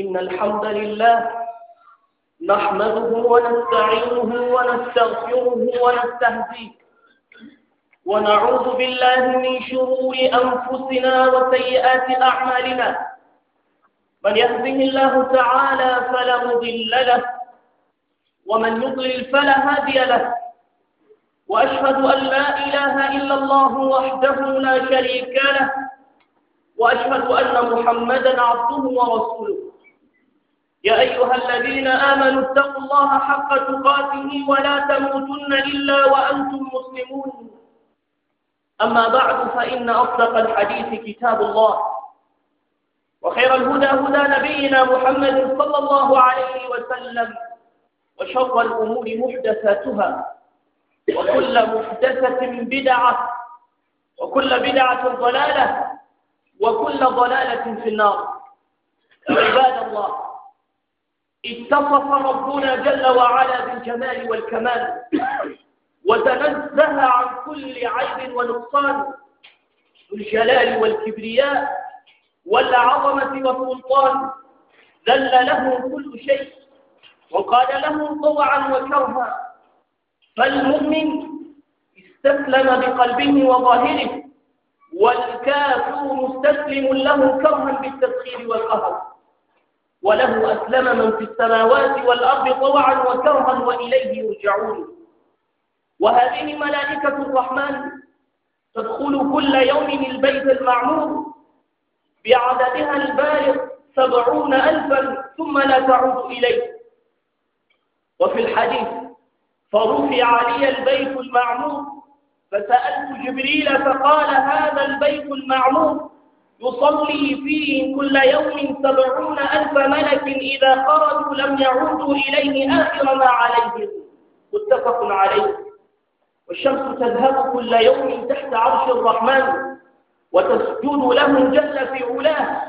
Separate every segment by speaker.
Speaker 1: إن الحمد لله نحمده ونستعينه ونستغفره ونستهديه ونعوذ بالله من شرور أنفسنا وسيئات أعمالنا من يهده الله تعالى فلا مضل له ومن يضلل فلا هادي له وأشهد أن لا إله إلا الله وحده لا شريك له وأشهد أن محمدا عبده ورسوله يا أيها الذين آمنوا اتقوا الله حق تقاته ولا تموتن إلا وأنتم مسلمون أما بعد فإن أصدق الحديث كتاب الله وخير الهدى هدى نبينا محمد صلى الله عليه وسلم وشر الأمور محدثاتها وكل محدثة بدعة وكل بدعة ضلالة وكل ضلالة في النار عباد الله اتصف ربنا جل وعلا بالجمال والكمال وتنزه عن كل عيب ونقصان الجلال والكبرياء والعظمة والسلطان ذل له كل شيء وقال له طوعا وكرها فالمؤمن استسلم بقلبه وظاهره والكافر مستسلم له كرها بالتسخير والقهر وله أسلم من في السماوات والأرض طوعا وكرها وإليه يرجعون وهذه ملائكة الرحمن تدخل كل يوم البيت المعمور بعددها البالغ سبعون ألفا ثم لا تعود إليه وفي الحديث فرفع لي البيت المعمور فسألت جبريل فقال هذا البيت المعمور يصلي فيه كل يوم سبعون ألف ملك إذا خرجوا لم يعودوا إليه آخر ما عليهم متفق عليه والشمس تذهب كل يوم تحت عرش الرحمن وتسجد له جل في علاه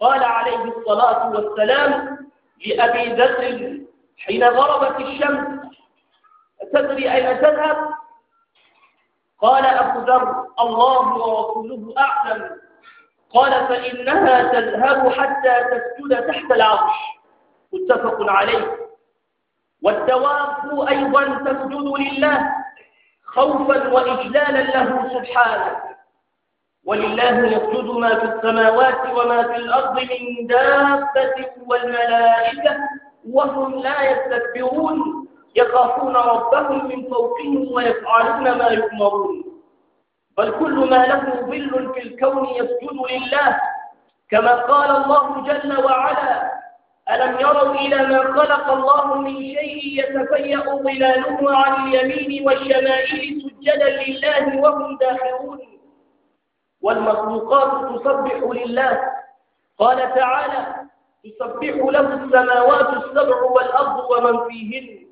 Speaker 1: قال عليه الصلاة والسلام لأبي ذر حين غربت الشمس أتدري أين تذهب؟ قال أبو ذر الله ورسوله أعلم قال فإنها تذهب حتى تسجد تحت العرش متفق عليه والدواب أيضا تسجد لله خوفا وإجلالا له سبحانه ولله يسجد ما في السماوات وما في الأرض من دابة والملائكة وهم لا يستكبرون يخافون ربهم من فوقهم ويفعلون ما يؤمرون بل كل ما له ظل في الكون يسجد لله كما قال الله جل وعلا ألم يروا إلى ما خلق الله من شيء يتفيأ ظلاله عن اليمين والشمائل سجدا لله وهم داخلون والمخلوقات تسبح لله قال تعالى تسبح له السماوات السبع والأرض ومن فيهن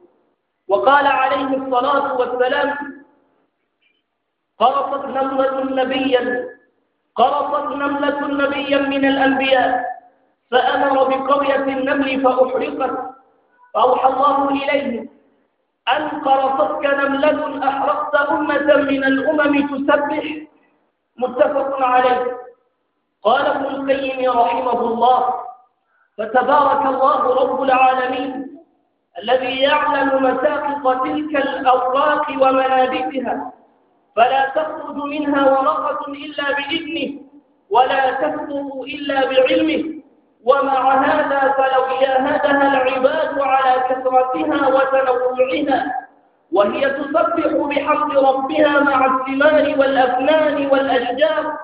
Speaker 1: وقال عليه الصلاة والسلام قرصت نملة نبيا قرصت نملة نبيا من الأنبياء فأمر بقرية النمل فأحرقت فأوحى الله إليه أن قرصتك نملة أحرقت أمة من الأمم تسبح متفق عليه قال ابن القيم رحمه الله فتبارك الله رب العالمين الذي يعلم مساقط تلك الأوراق ومنابتها فلا تخرج منها ورقة إلا بإذنه ولا تكتب إلا بعلمه ومع هذا فلو جاهدها العباد على كثرتها وتنوعها وهي تسبح بحمد ربها مع الثمار والأفنان والأشجار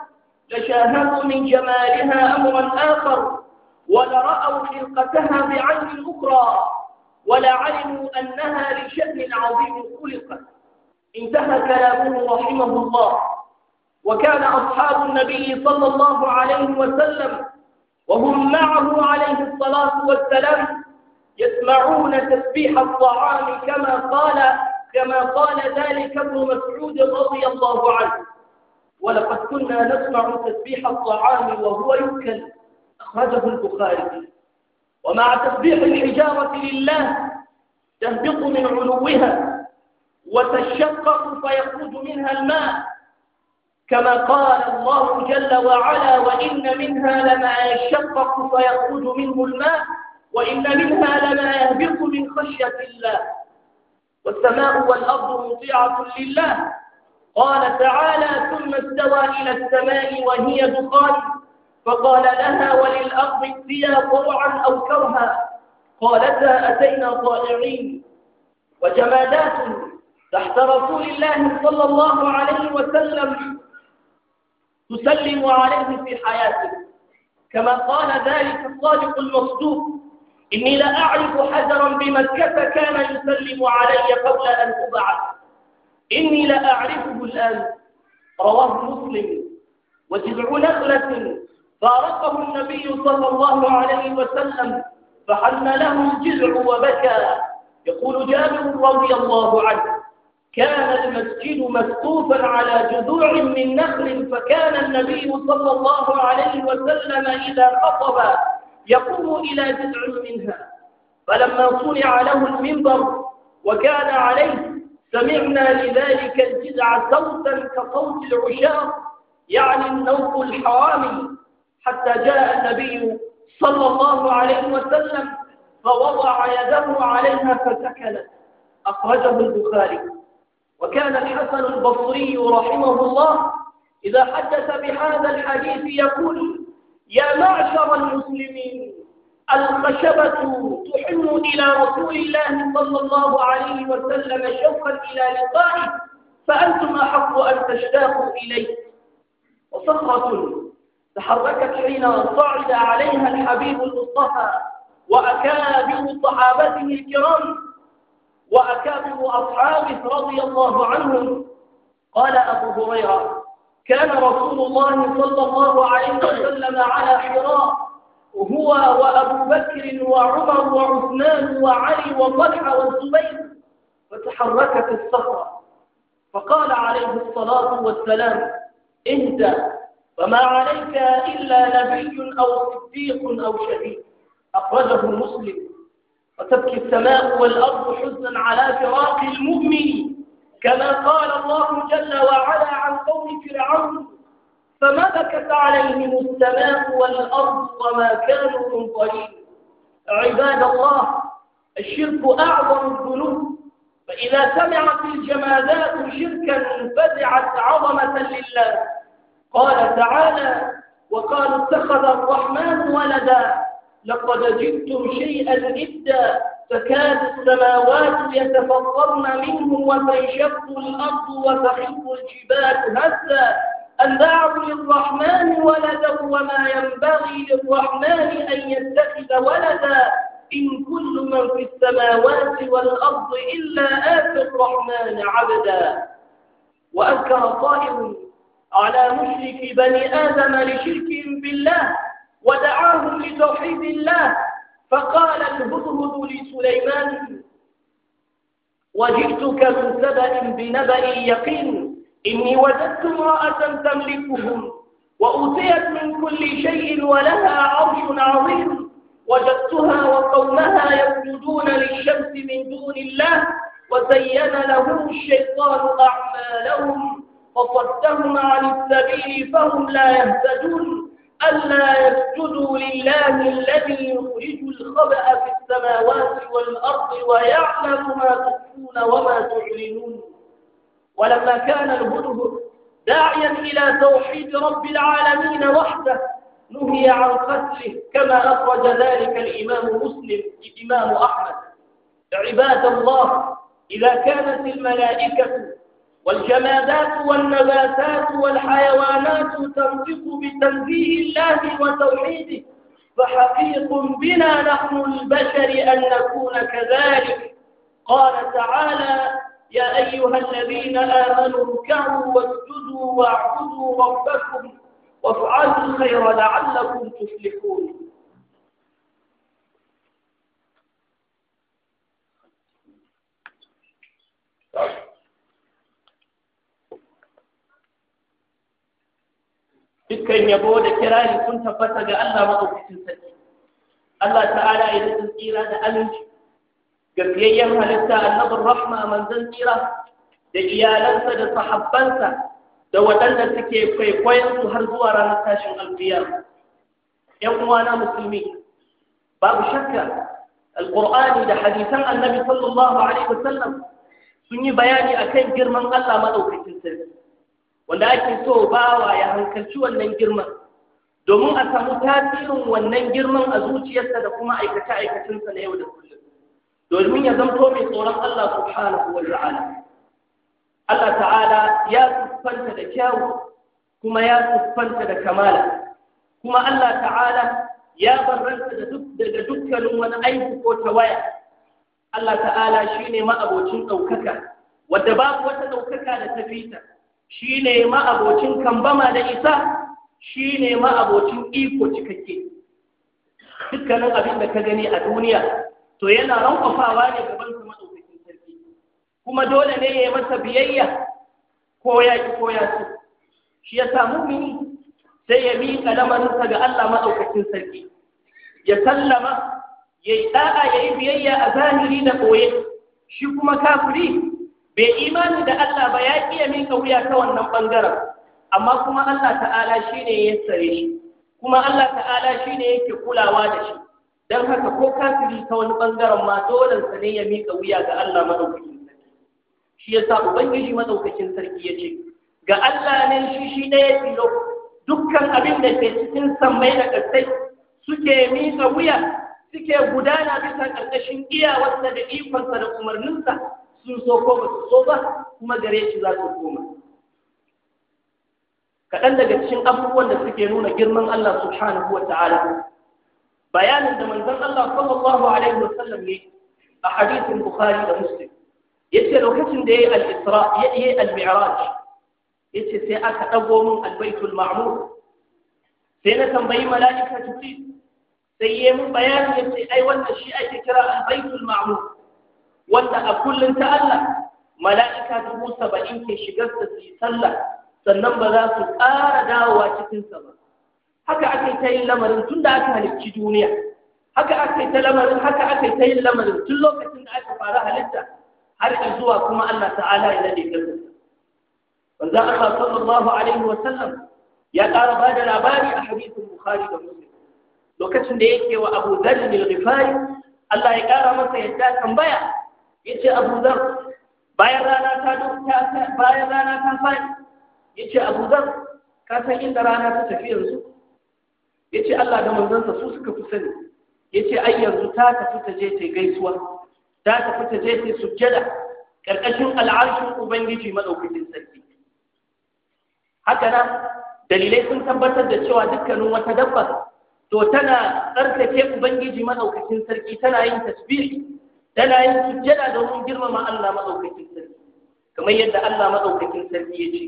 Speaker 1: لشاهدوا من جمالها أمرا آخر ولرأوا خلقتها بعين أخرى ولعلموا أنها لشأن عظيم خلقت انتهى كلامه رحمه الله وكان أصحاب النبي صلى الله عليه وسلم وهم معه عليه الصلاة والسلام يسمعون تسبيح الطعام كما قال كما قال ذلك ابن مسعود رضي الله عنه ولقد كنا نسمع تسبيح الطعام وهو يؤكل أخرجه البخاري ومع تسبيح الحجارة لله تهبط من علوها وتشقق فيخرج منها الماء كما قال الله جل وعلا وإن منها لما يشقق فيخرج منه الماء وإن منها لما يهبط من خشية الله والسماء والأرض مطيعة لله قال تعالى ثم استوى إلى السماء وهي دخان فقال لها وللأرض ائتيا طوعا أو كرها قالتا أتينا طائعين وجمادات تحت رسول الله صلى الله عليه وسلم تسلم عليه في حياتك كما قال ذلك الصادق المصدوق إني لأعرف حجرا بمكة كان يسلم علي قبل أن أبعث إني لأعرفه الآن رواه مسلم وجذع نخلة فارقه النبي صلى الله عليه وسلم فحن له الجذع وبكى يقول جابر رضي الله عنه كان المسجد مسقوفا على جذوع من نخل فكان النبي صلى الله عليه وسلم إذا خطب يقوم إلى جذع منها فلما صنع له المنبر وكان عليه سمعنا لذلك الجذع صوتا كصوت العشاق يعني النوق الحرامي حتى جاء النبي صلى الله عليه وسلم فوضع يده عليها فسكنت أخرجه البخاري وكان الحسن البصري رحمه الله إذا حدث بهذا الحديث يقول يا معشر المسلمين الخشبة تحن إلى رسول الله صلى الله عليه وسلم شوقا إلى لقائه فأنتم أحق أن تشتاقوا إليه وصخرة تحركت حين صعد عليها الحبيب المصطفى وأكابر صحابته الكرام وأكابر أصحابه رضي الله عنهم قال أبو هريرة كان رسول الله صلى الله عليه وسلم على حراء هو وأبو بكر وعمر وعثمان وعلي وطلحة والزبير فتحركت الصخرة فقال عليه الصلاة والسلام انت فما عليك إلا نبي أو صديق أو شهيد أخرجه مسلم وتبكي السماء والأرض حزنا على فراق المؤمن كما قال الله جل وعلا عن قوم فرعون فما بكت عليهم السماء والأرض وما كانوا منظرين عباد الله الشرك أعظم الذنوب فإذا سمعت الجمادات شركا فزعت عظمة لله قال تعالى وقالوا اتخذ الرحمن ولدا لقد جئتم شيئا جدا فكاد السماوات يتفطرن منه وتنشق الأرض وتخف الجبال هزا أن دعوا للرحمن ولدا وما ينبغي للرحمن أن يتخذ ولدا إن كل من في السماوات والأرض إلا آتى الرحمن عبدا وأنكر طائر على مشرك بني آدم لشركهم بالله ودعاهم لتوحيد الله فقال الهدهد لسليمان وجئتك من سبأ بنبأ يقين إني وجدت امرأة تملكهم وأوتيت من كل شيء ولها عرش عظيم وجدتها وقومها يسجدون للشمس من دون الله وزين لهم الشيطان أعمالهم وصدهم عن السبيل فهم لا يهتدون ألا يسجدوا لله الذي يخرج الخبأ في السماوات والأرض ويعلم ما تخفون وما تعلنون ولما كان الهدوء داعيا إلى توحيد رب العالمين وحده نهي عن قتله كما أخرج ذلك الإمام مسلم الإمام أحمد عباد الله إذا كانت الملائكة والجمادات والنباتات والحيوانات تنطق بتنزيه الله وتوحيده فحقيق بنا نحن البشر أن نكون كذلك قال تعالى يا أيها الذين آمنوا اركعوا واسجدوا واعبدوا ربكم وافعلوا الخير لعلكم تفلحون dukkan yabo da kirari sun tabbata ga Allah maɗaukakin sarki Allah ta'ala ya da tsira da aminci ga halitta annabin rahma manzon tsira da iyalansa da sahabbansa da waɗanda suke kwaikwayon su har zuwa ranar tashin alfiyar ‘yan uwana musulmi babu shakka alƙur'ani da hadisan annabi sallallahu alaihi wasallam sun yi bayani akan girman Allah maɗaukakin sarki wanda ake so bawa ya hankalci wannan girman domin a samu tasirin wannan girman a zuciyarsa da kuma aikace-aikacensa na yau da kullum domin ya zamto mai tsoron Allah subhanahu wa ta'ala Allah ta'ala ya siffanta da kyawu kuma ya siffanta da kamala kuma Allah ta'ala ya barranta da dukkanin wani aiki ko tawaya Allah ta'ala shine ma'abocin ɗaukaka wadda babu wata ɗaukaka da ta fita shi ne ma'abocin kambama da isa shi ne ma'abocin iko cikakke dukkanin abin da ka gani a duniya to yana rankwafawa ne gaban kuma maɗaukakin sarki kuma dole ne ya yi masa biyayya ko ya ki ko ya su shi ya samu mini sai ya miƙa lamarinsa ga Allah maɗaukakin sarki ya sallama ya yi ɗa'a ya yi biyayya a zahiri da ɓoye shi kuma kafiri bai imani da Allah ba ya iya mika wuya ta wannan ɓangaren. amma kuma Allah ta'ala shi ne ya tsare shi kuma Allah ta'ala shi shine yake kulawa da shi Don haka ko kafiri ta wani ɓangaren ma dole sa ne ya mika wuya ga Allah madaukakin sarki shi yasa ubangiji madaukakin sarki ya ce. ga Allah ne shi shi da ya tilo dukkan abin da ke cikin sammai da kasai suke mika wuya suke gudana bisa ƙarƙashin iyawarsa da ikonsa da umarninsa sun so ko ba su so ba kuma gare shi za su koma kaɗan daga cikin abubuwan da suke nuna girman Allah subhanahu wa ta'ala bayanin da manzon Allah sallallahu alaihi wa sallam ne a hadisin Bukhari da Muslim yace lokacin da yayi al-Isra yayi al-Mi'raj yace sai aka dago min al-Baitul Ma'mur sai na tambayi mala'ika Jibril sai yayi mun bayani yace ai wannan shi ake kira al-Baitul Ma'mur wanda a kullum ta Allah mala'ika dubu saba'in ke shigar da su yi sallah sannan ba za su ƙara dawowa cikinsa ba haka aka yi ta yin lamarin tun da aka halicci duniya haka aka yi ta lamarin haka aka yi ta yin lamarin tun lokacin da aka fara halitta har zuwa kuma Allah ta'ala ya nade gaskata wanda Allah sallallahu alaihi wa sallam ya ƙara ba da labari a hadisin Bukhari da Muslim lokacin da yake wa Abu Dharr al-Ghifari Allah ya ƙara masa yadda tambaya yace Abu Zar bayan rana ta dukka bayan rana ta fadi yace Abu Zar ka san inda rana ta tafi yanzu yace Allah da sa su suka fi sani yace ai yanzu ta tafi ta je ta gaisuwa ta tafi ta je ta sujjada karkashin al'arshin ubangiji madaukakin sarki haka nan dalilai sun tabbatar da cewa dukkanin wata dabba to tana tsarkake ubangiji madaukakin sarki tana yin tasbih tana yin sujjada domin girmama Allah maɗaukakin sarki kamar yadda Allah maɗaukakin sarki ya ce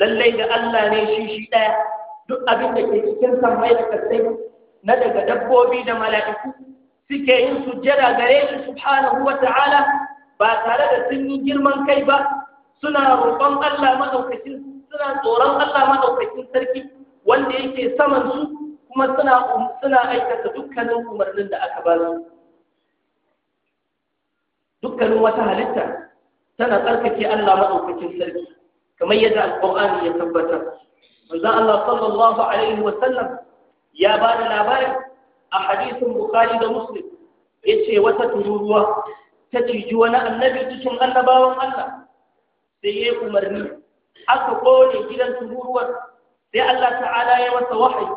Speaker 1: lallai da Allah ne shi shi ɗaya duk abin da ke cikin sammai da kasai na daga dabbobi da mala'iku suke yin sujjada gare shi subhanahu ta'ala, ba tare da sun yi girman kai ba suna roƙon Allah suna tsoron Allah maɗaukakin sarki wanda yake saman su kuma um, suna aikata dukkanin umarnin da aka ba su dukkanin wata halitta tana tsarkake Allah maɗaukakin sarki kamar yadda alƙur'ani ya tabbatar manzon Allah sallallahu alaihi wa sallam ya ba da labarin a hadisin Bukhari da Muslim yace wata tururuwa ta ciji wani annabi cikin annabawan Allah sai ya umarni aka kone gidan tururuwar sai Allah ta'ala ya masa wahayi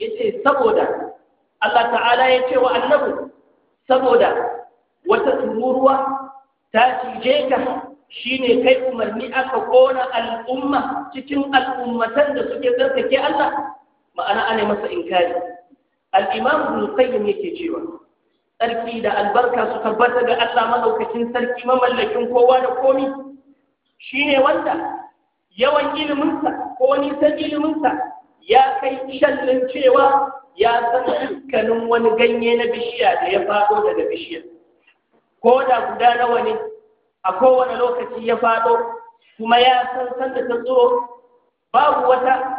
Speaker 1: yace saboda Allah ta'ala ya ce wa annabi saboda wata tururuwa ta cije ka ne kai umarni aka kona al'umma cikin al'ummatan da suke tsarkake Allah ma'ana ana masa inkari al-imam yake cewa tsarki da albarka su tabbata ga Allah madaukakin sarki mamallakin kowa da komi ne wanda yawan iliminsa ko nisan iliminsa ya kai shallin cewa ya san dukkanin wani ganye na bishiya da ya faɗo daga bishiyar ko da guda nawa ne a kowane lokaci ya faɗo kuma ya san sanda ta tsiro babu wata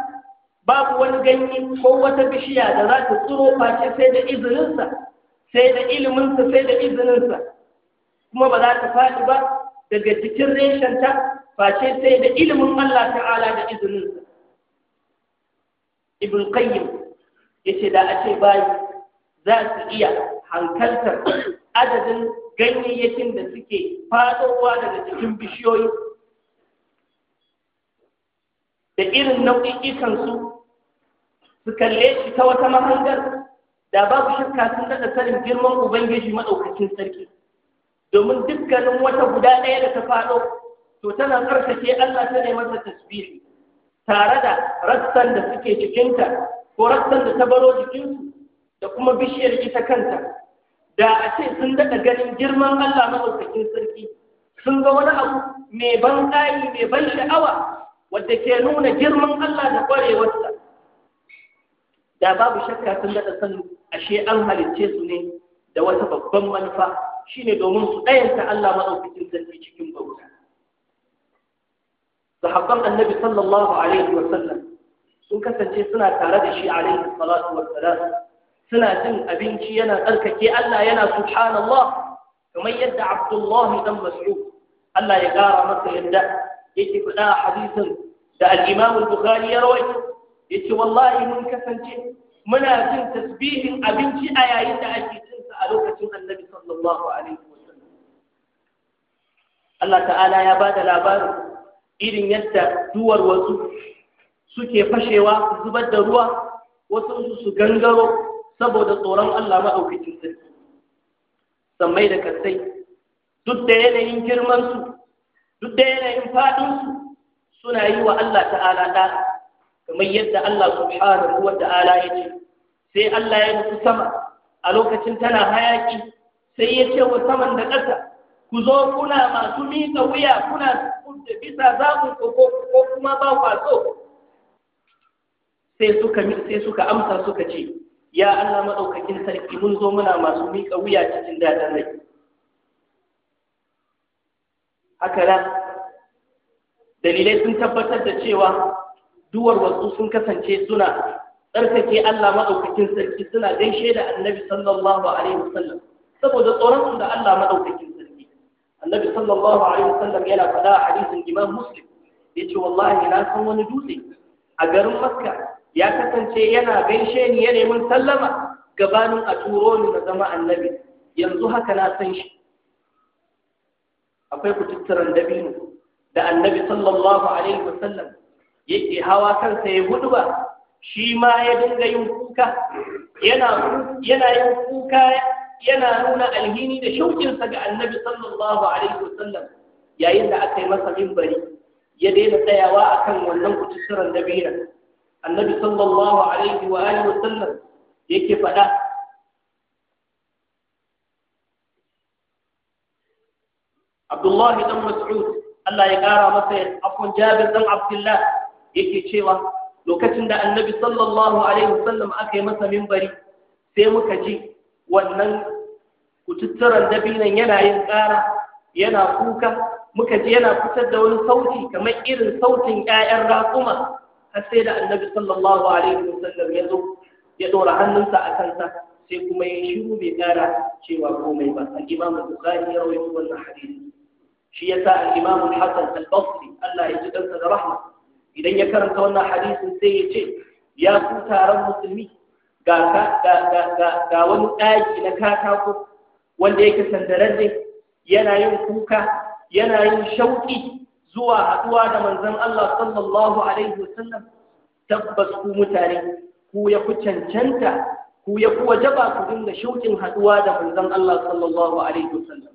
Speaker 1: babu wani ganye ko wata bishiya da za ta tsiro face sai da izininsa sai da iliminsa sai da izininsa kuma ba za ta faɗi ba daga cikin reshenta face sai da ilimin Allah ta'ala da izininsa ibn qayyim yace da a ce bayi za su iya hankaltar adadin ganyayyakin da suke fadowa daga cikin bishiyoyi da irin nau'ikan su su kalle shi ta wata mahangar da babu shakka sun daga sanin girman ubangiji maɗaukacin sarki domin dukkanin wata guda ɗaya da ta faɗo to tana ƙarfashe Allah ta ne masa tasbihi tare da rassan da suke cikinta ko rassan da ta baro jikinsu da kuma bishiyar ita kanta da a ce sun daɗa ganin girman Allah maɗaukakin sarki sun ga wani abu mai ban ƙayi mai ban sha'awa wadda ke nuna girman Allah da ƙwarewarsa da babu shakka sun daɗa san ashe an halicce su ne da wata babban manufa shine domin su ɗayanta Allah maɗaukakin sarki cikin bauta sahabban annabi sallallahu alaihi wa sallam sun kasance suna tare da shi alaihi salatu wa salam suna cin abinci yana tsarkake Allah yana subhanallah kamar yadda Abdullahi dan Mas'ud Allah ya kara masa yadda yake faɗa a hadisin da al-Imam al-Bukhari ya rawaita yace wallahi mun kasance muna cin tasbihin abinci a yayin da ake cin sa a lokacin Annabi sallallahu alaihi wasallam Allah ta'ala ya bada labarin irin yadda duwar wasu suke fashewa su zubar da ruwa wasu su gangaro saboda tsoron Allah maɗaukacin sarki sammai da kasai duk da yanayin girmansu duk da yanayin faɗinsu suna yi wa Allah ta'ala ɗa kamar yadda Allah subhanahu wa ta'ala ya ce sai Allah ya nufi sama a lokacin tana hayaƙi sai ya ce wa saman da ƙasa ku zo kuna masu miƙa wuya kuna da bisa zaɓin ko kuma ba kwaso sai suka amsa suka ce ya Allah maɗaukakin sarki mun zo muna masu miƙa wuya cikin daɗin rai haka nan dalilai sun tabbatar da cewa duwar wasu sun kasance suna tsarkake Allah maɗaukakin sarki suna gaishe da annabi sallallahu alaihi wasallam saboda tsoron da Allah maɗaukakin sarki annabi sallallahu alaihi wasallam yana faɗa a hadisin imam muslim yace wallahi na san wani dutse a garin makka ya kasance yana gaishe ni ya neman sallama gabanin a turo ni na zama annabi yanzu haka na san shi akwai kututturan dabino da annabi sallallahu alaihi wasallam yake hawa kansa ya gudu ba shi ma ya dinga yin kuka yana yin kuka yana nuna alhini da shauƙinsa ga annabi sallallahu alaihi wasallam yayin da aka yi masa mimbari ya daina tsayawa akan wannan kututturan dabino annabi sallallahu alaihi wa alihi wa sallam yake Abdullah Mas'ud Allah ya ƙara masa afwan Jabir Abdullah yake cewa lokacin da annabi sallallahu alaihi wa sallam aka yi masa minbari sai muka ji wannan kututturan dabinan yana yin yana kuka muka ji yana fitar da wani sauti kamar irin sautin ƴaƴan raƙuma har sai da annabi sallallahu alaihi wasallam ya zo ya dora hannunsa a kansa sai kuma ya shiru bai kara cewa komai ba al-imam bukhari ya rawaito wannan hadisi shi yasa al-imam al-hasan al-basri Allah ya ji dansa da rahma idan ya karanta wannan hadisin sai ya ce ya ku taron musulmi ga ga ga ga wani ɗaki na katako wanda yake sandararre yana yin kuka yana yin shauƙi zuwa haɗuwa da manzan Allah sallallahu alaihi wasallam tabbas ku mutane ku ya ku cancanta ku ya ku wajaba ku dinga shaukin haɗuwa da manzan Allah sallallahu alaihi wasallam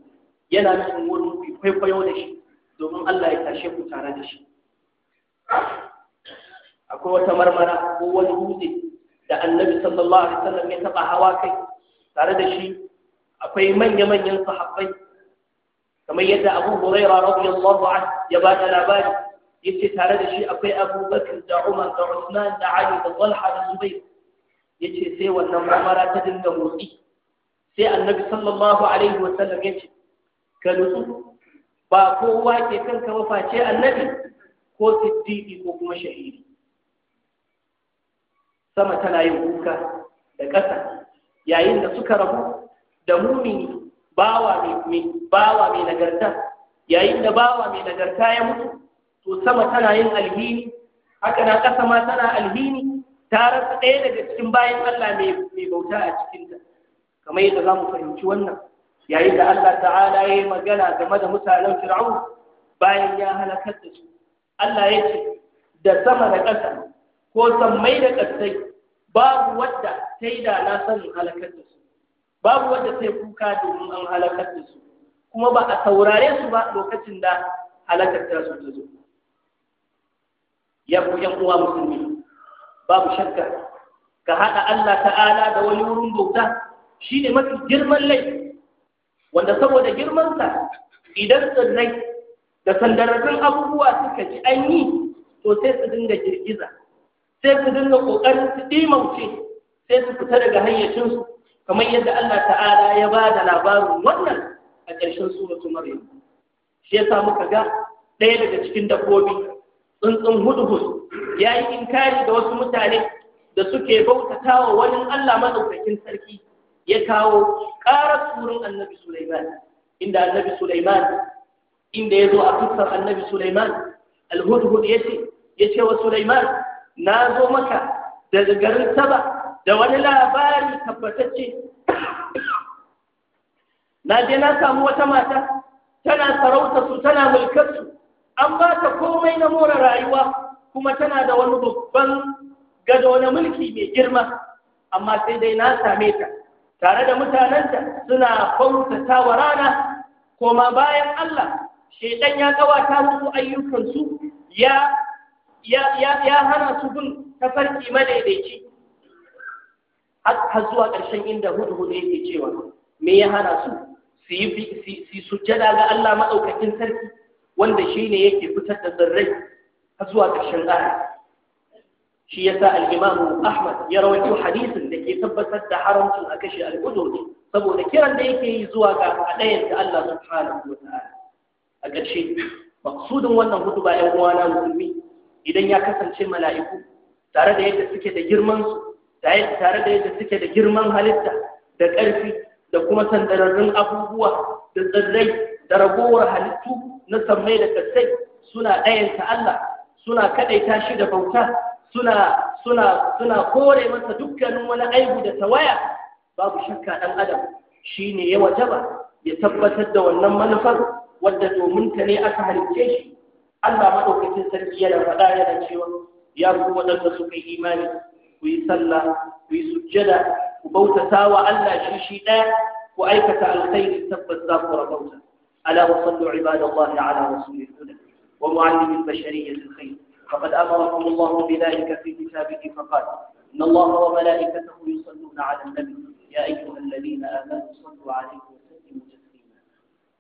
Speaker 1: yana nufin wurin ku kwaikwayo da shi domin Allah ya tashe ku tare da shi akwai wata marmara ko wani dutse da annabi sallallahu alaihi wasallam ya taba hawa kai tare da shi akwai manya-manyan sahabbai kamar yadda abu huraira radiyallahu anhu ya ba da labari yace tare da shi akwai abu bakar da umar da usman da ali da talha da zubair yace sai wannan umara ta dinga motsi sai annabi sallallahu alaihi wa sallam yace ka nutsu ba kowa ke kanka maface annabi ko siddiqi ko kuma shahidi sama tana yin kuka da ƙasa yayin da suka rabu da mumini bawa mai bawa mai nagarta yayin da bawa mai nagarta ya mutu to sama tana yin alhini haka na ƙasa ma tana alhini ta rasa ɗaya daga cikin bayan Allah mai bauta a cikinta kamar yadda za mu fahimci wannan yayin da Allah ta'ala ya yi magana game da mutanen fir'aun bayan ya halakar da su Allah ya ce da sama da ƙasa ko sammai da ƙasai babu wadda ta yi da na sanin halakar da su babu wanda sai kuka domin an halakar da su kuma ba a saurare su ba lokacin da halakar ta su ta zo ya ku yan uwa musulmi babu shakka ka haɗa Allah ta'ala da wani wurin bauta shine mafi girman laifi wanda saboda girmansa idan tsirrai da sandararrun abubuwa suka ji an yi to sai su dinga girgiza sai su dinga ƙoƙarin su ɗimauce sai su fita daga hayyacinsu kamar yadda Allah ta'ala ya ba da labarin wannan a ƙarshen suratu maryam shi yasa muka ga ɗaya daga cikin dabbobi tsuntsun hudhud ya yi inkari da wasu mutane da suke bautata wa wani Allah madaukakin sarki ya kawo ƙarar surun annabi Sulaiman inda annabi Sulaiman inda ya zo a fuskar annabi Sulaiman alhudhud ya ce ya ce wa Sulaiman na zo maka daga garin Saba da wani labari tabbatacce na je na samu wata mata tana sarauta su tana mulkar su an ba ta komai na more rayuwa kuma tana da wani babban gado na mulki mai girma amma sai dai na same ta tare da mutanenta suna bautata wa rana koma bayan Allah shedan ya kawata musu ayyukansu ya ya hana su bin tafarki madaidaici har zuwa ƙarshen inda hudu hudu yake cewa me ya hana su su yi sujjada ga Allah maɗaukakin sarki wanda shi ne yake fitar da tsirrai har zuwa ƙarshen ƙara. shi ya sa al'imamu ahmad ya rawaito hadisin da ke tabbatar da haramcin a kashe al'udhud saboda kiran da yake yi zuwa ga ɗayan da Allah fara wa ta'ala a ƙarshe maksudin wannan hudu ba ‘yan uwana musulmi idan ya kasance mala'iku tare da yadda suke da girman tare da yadda suke da girman halitta da ƙarfi da kuma sandararrun abubuwa da tsirrai da ragowar halittu na sammai da kasai suna ɗayanta Allah suna kaɗaita shi da bauta suna suna suna kore masa dukkanin wani aibu da tawaya babu shakka ɗan adam shine ya wajaba ya tabbatar da wannan manufar wadda domin ta ne aka halicce shi Allah maɗaukacin sarki yana faɗa yana cewa ya ku waɗanda suka yi imani ku yi sallah ساوى yi sujjada ku bautata wa Allah shi shi ɗaya ku aikata alkhairi tabbas za ku rabauta ala wa sallu فقد أمركم الله بذلك في كتابه فقال إن الله وملائكته يصلون على النبي يا أيها الذين آمنوا صلوا عليه وسلموا تسليما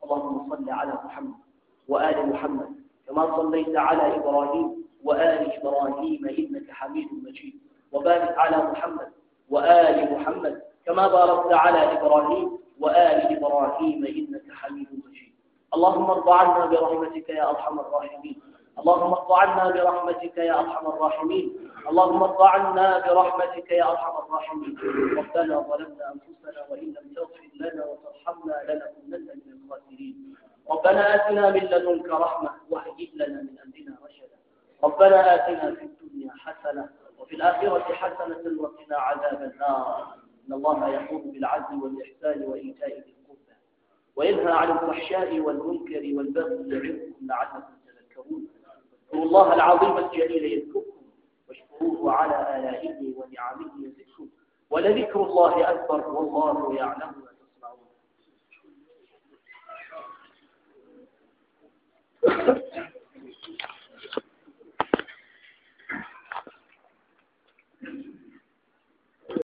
Speaker 1: اللهم صل على محمد وآل محمد كما صليت على إبراهيم وآل إبراهيم إنك حميد مجيد وبارك على محمد وآل محمد كما باركت على إبراهيم وآل إبراهيم إنك حميد مجيد اللهم ارض عنا برحمتك يا أرحم الراحمين اللهم ارض عنا برحمتك يا أرحم الراحمين اللهم ارض عنا برحمتك يا أرحم الراحمين ربنا ظلمنا أنفسنا وإن لم تغفر لنا وترحمنا لنكونن من الخاسرين ربنا آتنا من لدنك رحمة وهيئ لنا من أمرنا رشدا
Speaker 2: ربنا آتنا
Speaker 1: في الدنيا حسنة وفي الآخرة حسنة وقنا عذاب النار إن الله يحوم بالعدل والإحسان وإيتاء ذي القربى وينهى عن الفحشاء والمنكر والبغي يعظكم لعلكم تذكرون اذكروا الله العظيم الجليل يذكركم واشكروه على آلائه ونعمه يزدكم ولذكر الله أكبر والله يعلم ما تصنعون